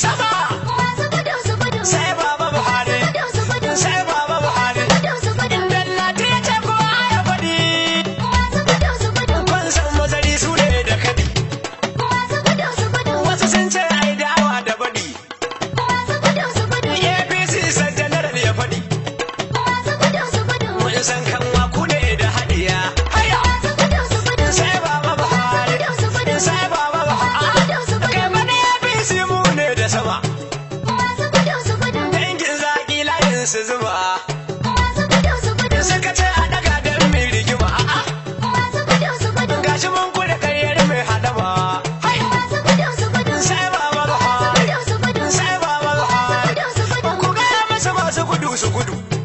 Shama! Woodoo.